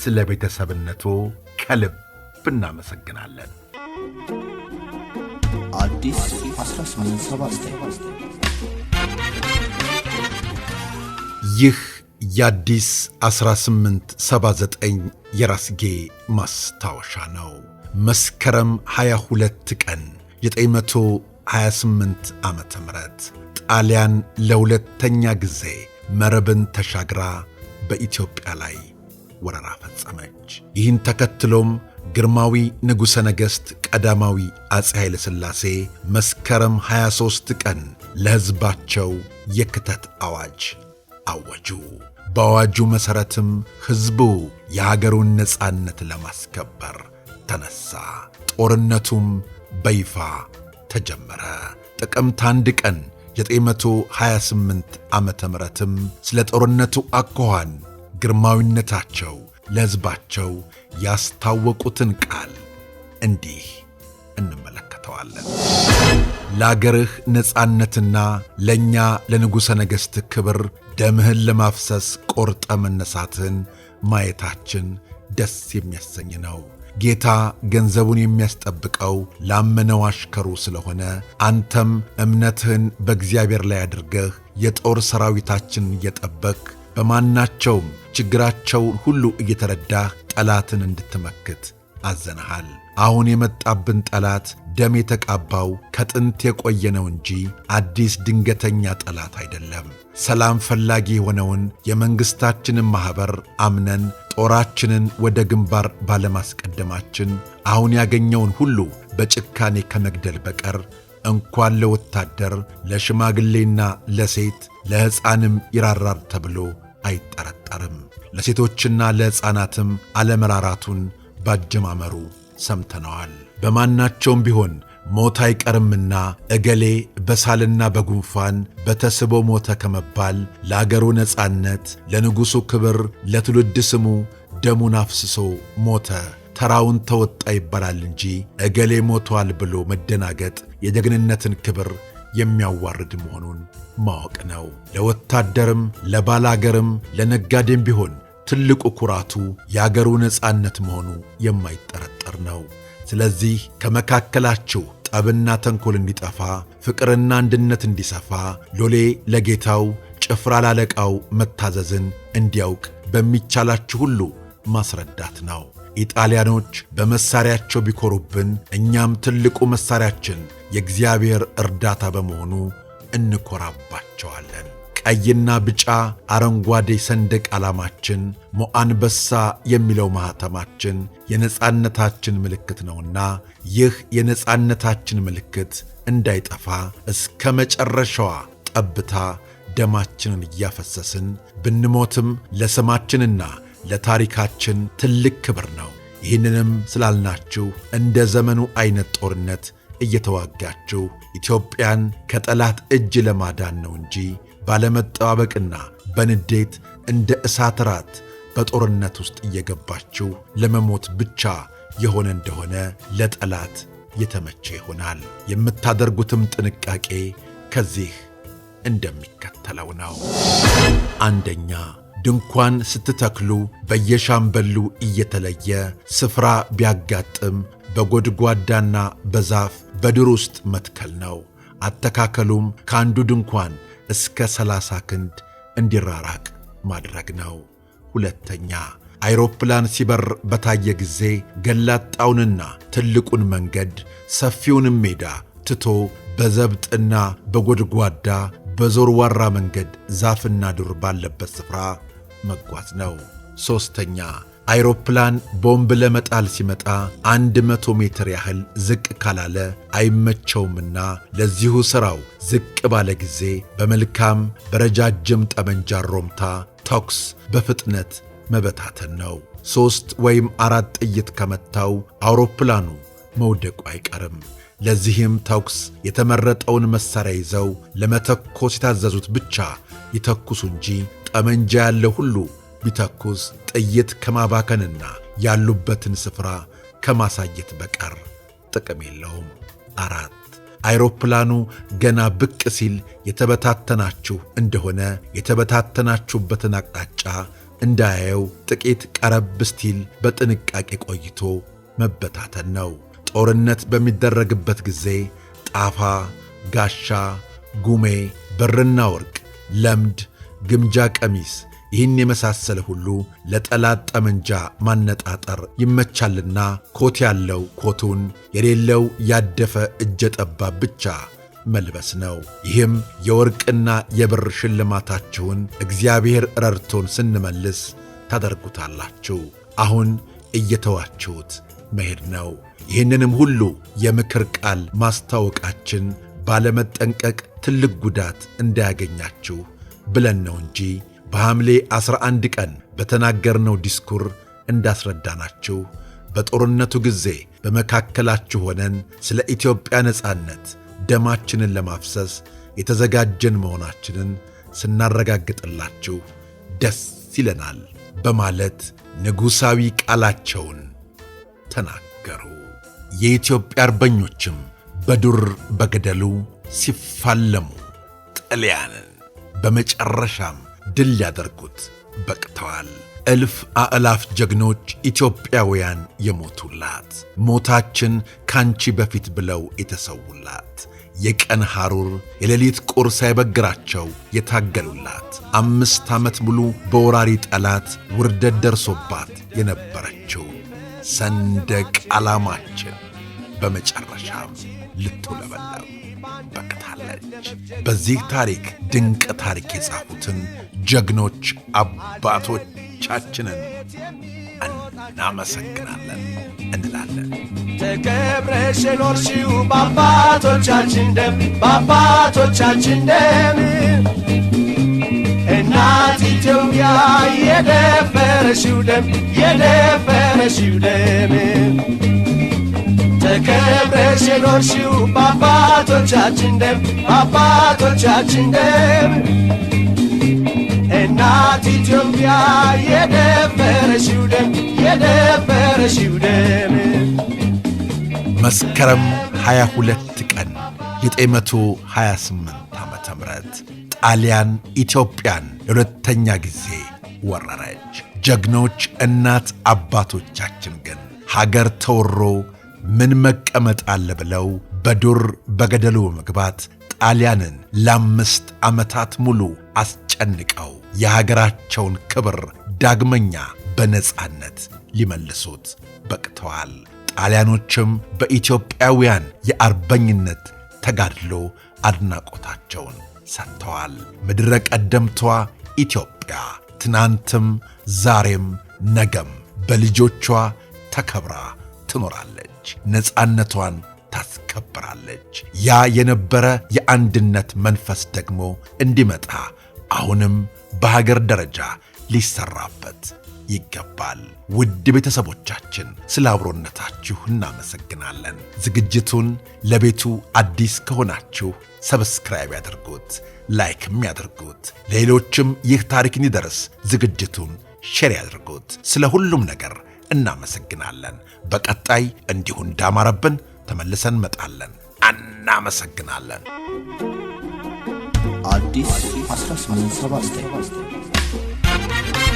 ስለ ቤተሰብነቱ ከልብ እናመሰግናለን። ይህ የአዲስ 1879 የራስጌ ማስታወሻ ነው። መስከረም 22 ቀን 928 ዓ ም ጣሊያን ለሁለተኛ ጊዜ መረብን ተሻግራ በኢትዮጵያ ላይ ወረራ ፈጸመች። ይህን ተከትሎም ግርማዊ ንጉሠ ነገሥት ቀዳማዊ አፄ ኃይለ ሥላሴ መስከረም 23 ቀን ለሕዝባቸው የክተት አዋጅ አወጁ። በአዋጁ መሠረትም ሕዝቡ የሀገሩን ነፃነት ለማስከበር ተነሣ። ጦርነቱም በይፋ ተጀመረ። ጥቅምት አንድ ቀን 928 ዓ ምትም ስለ ጦርነቱ አኳኋን ግርማዊነታቸው ለሕዝባቸው ያስታወቁትን ቃል እንዲህ እንመለከተዋለን። ለአገርህ ነፃነትና ለእኛ ለንጉሠ ነገሥት ክብር ደምህን ለማፍሰስ ቆርጠ መነሳትህን ማየታችን ደስ የሚያሰኝ ነው። ጌታ ገንዘቡን የሚያስጠብቀው ላመነው አሽከሩ ስለሆነ አንተም እምነትህን በእግዚአብሔር ላይ አድርገህ የጦር ሰራዊታችን እየጠበቅ በማናቸውም ችግራቸውን ሁሉ እየተረዳህ ጠላትን እንድትመክት አዘንሃል። አሁን የመጣብን ጠላት ደም የተቃባው ከጥንት የቆየ ነው እንጂ አዲስ ድንገተኛ ጠላት አይደለም። ሰላም ፈላጊ የሆነውን የመንግሥታችንን ማኅበር አምነን ጦራችንን ወደ ግንባር ባለማስቀደማችን አሁን ያገኘውን ሁሉ በጭካኔ ከመግደል በቀር እንኳን ለወታደር ለሽማግሌና ለሴት ለሕፃንም ይራራር ተብሎ አይጠረጠርም። ለሴቶችና ለሕፃናትም አለመራራቱን ባጀማመሩ ሰምተነዋል። በማናቸውም ቢሆን ሞት አይቀርምና እገሌ በሳልና በጉንፋን በተስቦ ሞተ ከመባል ለአገሩ ነፃነት ለንጉሡ ክብር፣ ለትውልድ ስሙ ደሙን አፍስሶ ሞተ ተራውን ተወጣ ይባላል እንጂ እገሌ ሞቷል ብሎ መደናገጥ የጀግንነትን ክብር የሚያዋርድ መሆኑን ማወቅ ነው። ለወታደርም ለባላገርም ለነጋዴም ቢሆን ትልቁ ኩራቱ የአገሩ ነፃነት መሆኑ የማይጠረጠር ነው። ስለዚህ ከመካከላችሁ ጠብና ተንኮል እንዲጠፋ ፍቅርና አንድነት እንዲሰፋ ሎሌ ለጌታው ጭፍራ ላለቃው መታዘዝን እንዲያውቅ በሚቻላችሁ ሁሉ ማስረዳት ነው። ኢጣሊያኖች በመሳሪያቸው ቢኮሩብን፣ እኛም ትልቁ መሳሪያችን የእግዚአብሔር እርዳታ በመሆኑ እንኮራባቸዋለን። ቀይና ቢጫ አረንጓዴ ሰንደቅ ዓላማችን ሞአንበሳ የሚለው ማኅተማችን የነጻነታችን ምልክት ነውና ይህ የነጻነታችን ምልክት እንዳይጠፋ እስከ መጨረሻዋ ጠብታ ደማችንን እያፈሰስን ብንሞትም ለስማችንና ለታሪካችን ትልቅ ክብር ነው። ይህንንም ስላልናችሁ እንደ ዘመኑ ዐይነት ጦርነት እየተዋጋችው ኢትዮጵያን ከጠላት እጅ ለማዳን ነው እንጂ ባለመጠባበቅና በንዴት እንደ እሳት ራት በጦርነት ውስጥ እየገባችው ለመሞት ብቻ የሆነ እንደሆነ ለጠላት የተመቸ ይሆናል። የምታደርጉትም ጥንቃቄ ከዚህ እንደሚከተለው ነው። አንደኛ ድንኳን ስትተክሉ በየሻምበሉ እየተለየ ስፍራ ቢያጋጥም በጎድጓዳና በዛፍ በዱር ውስጥ መትከል ነው። አተካከሉም ከአንዱ ድንኳን እስከ ሰላሳ ክንድ እንዲራራቅ ማድረግ ነው። ሁለተኛ አይሮፕላን ሲበር በታየ ጊዜ ገላጣውንና ትልቁን መንገድ ሰፊውንም ሜዳ ትቶ በዘብጥና በጎድጓዳ በዞርዋራ መንገድ ዛፍና ዱር ባለበት ስፍራ መጓዝ ነው። ሦስተኛ አይሮፕላን ቦምብ ለመጣል ሲመጣ አንድ መቶ ሜትር ያህል ዝቅ ካላለ አይመቸውምና ለዚሁ ሥራው ዝቅ ባለ ጊዜ በመልካም በረጃጅም ጠመንጃ ሮምታ ተኩስ በፍጥነት መበታተን ነው። ሦስት ወይም አራት ጥይት ከመታው አውሮፕላኑ መውደቁ አይቀርም። ለዚህም ተኩስ የተመረጠውን መሣሪያ ይዘው ለመተኮስ የታዘዙት ብቻ ይተኩሱ እንጂ ጠመንጃ ያለው ሁሉ ቢተኩስ ጥይት ከማባከንና ያሉበትን ስፍራ ከማሳየት በቀር ጥቅም የለውም። አራት አይሮፕላኑ ገና ብቅ ሲል የተበታተናችሁ እንደሆነ የተበታተናችሁበትን አቅጣጫ እንዳያየው ጥቂት ቀረብ ስቲል በጥንቃቄ ቆይቶ መበታተን ነው። ጦርነት በሚደረግበት ጊዜ ጣፋ፣ ጋሻ፣ ጉሜ፣ ብርና ወርቅ፣ ለምድ፣ ግምጃ ቀሚስ ይህን የመሳሰለ ሁሉ ለጠላት ጠመንጃ ማነጣጠር ይመቻልና ኮት ያለው ኮቱን፣ የሌለው ያደፈ እጀ ጠባብ ብቻ መልበስ ነው። ይህም የወርቅና የብር ሽልማታችሁን እግዚአብሔር ረድቶን ስንመልስ ታደርጉታላችሁ። አሁን እየተዋችሁት መሄድ ነው። ይህንንም ሁሉ የምክር ቃል ማስታወቃችን ባለመጠንቀቅ ትልቅ ጉዳት እንዳያገኛችሁ ብለን ነው እንጂ በሐምሌ 11 ቀን በተናገርነው ዲስኩር እንዳስረዳናችሁ በጦርነቱ ጊዜ በመካከላችሁ ሆነን ስለ ኢትዮጵያ ነጻነት ደማችንን ለማፍሰስ የተዘጋጀን መሆናችንን ስናረጋግጥላችሁ ደስ ይለናል በማለት ንጉሣዊ ቃላቸውን ተናገሩ። የኢትዮጵያ አርበኞችም በዱር በገደሉ ሲፋለሙ ጥልያንን በመጨረሻም ድል ሊያደርጉት በቅተዋል። እልፍ አእላፍ ጀግኖች ኢትዮጵያውያን የሞቱላት፣ ሞታችን ካንቺ በፊት ብለው የተሰውላት የቀን ሐሩር የሌሊት ቁር ሳይበግራቸው የታገሉላት አምስት ዓመት ሙሉ በወራሪ ጠላት ውርደት ደርሶባት የነበረችው ሰንደቅ ዓላማችን በመጨረሻም ልትውለበለብ በቅታለች። በዚህ ታሪክ ድንቅ ታሪክ የጻፉትን ጀግኖች አባቶቻችንን እናመሰግናለን እንላለን። ተከብረሽ የኖርሽው በአባቶቻችን ደም በአባቶቻችን ደም እናት ኢትዮጵያ የደፈረሽው ደም የደፈረሽው ደም ተከብረሽ የኖርሽው በአባቶቻችን ደም በአባቶቻችን ደም እናት ኢትዮጵያ የደፈረሽው ደም የደፈረሽው ደም። መስከረም 22 ቀን 928 ዓ ም ጣሊያን ኢትዮጵያን ለሁለተኛ ጊዜ ወረረች። ጀግኖች እናት አባቶቻችን ግን ሀገር ተወሮ ምን መቀመጥ አለ ብለው በዱር በገደሉ በመግባት ጣሊያንን ለአምስት ዓመታት ሙሉ አስጨንቀው የሀገራቸውን ክብር ዳግመኛ በነጻነት ሊመልሱት በቅተዋል። ጣሊያኖችም በኢትዮጵያውያን የአርበኝነት ተጋድሎ አድናቆታቸውን ሰጥተዋል። ምድረ ቀደምቷ ኢትዮጵያ ትናንትም ዛሬም ነገም በልጆቿ ተከብራ ትኖራለች፣ ነፃነቷን ታስከብራለች። ያ የነበረ የአንድነት መንፈስ ደግሞ እንዲመጣ አሁንም በሀገር ደረጃ ሊሰራበት ይገባል። ውድ ቤተሰቦቻችን ስለ አብሮነታችሁ እናመሰግናለን። ዝግጅቱን ለቤቱ አዲስ ከሆናችሁ ሰብስክራይብ ያድርጉት፣ ላይክም ያድርጉት። ሌሎችም ይህ ታሪክ እንዲደርስ ዝግጅቱን ሼር ያድርጉት። ስለ ሁሉም ነገር እናመሰግናለን። በቀጣይ እንዲሁ እንዳማረብን ተመልሰን እንመጣለን። እናመሰግናለን። आर्टिस्ट आदि आश्रा सभा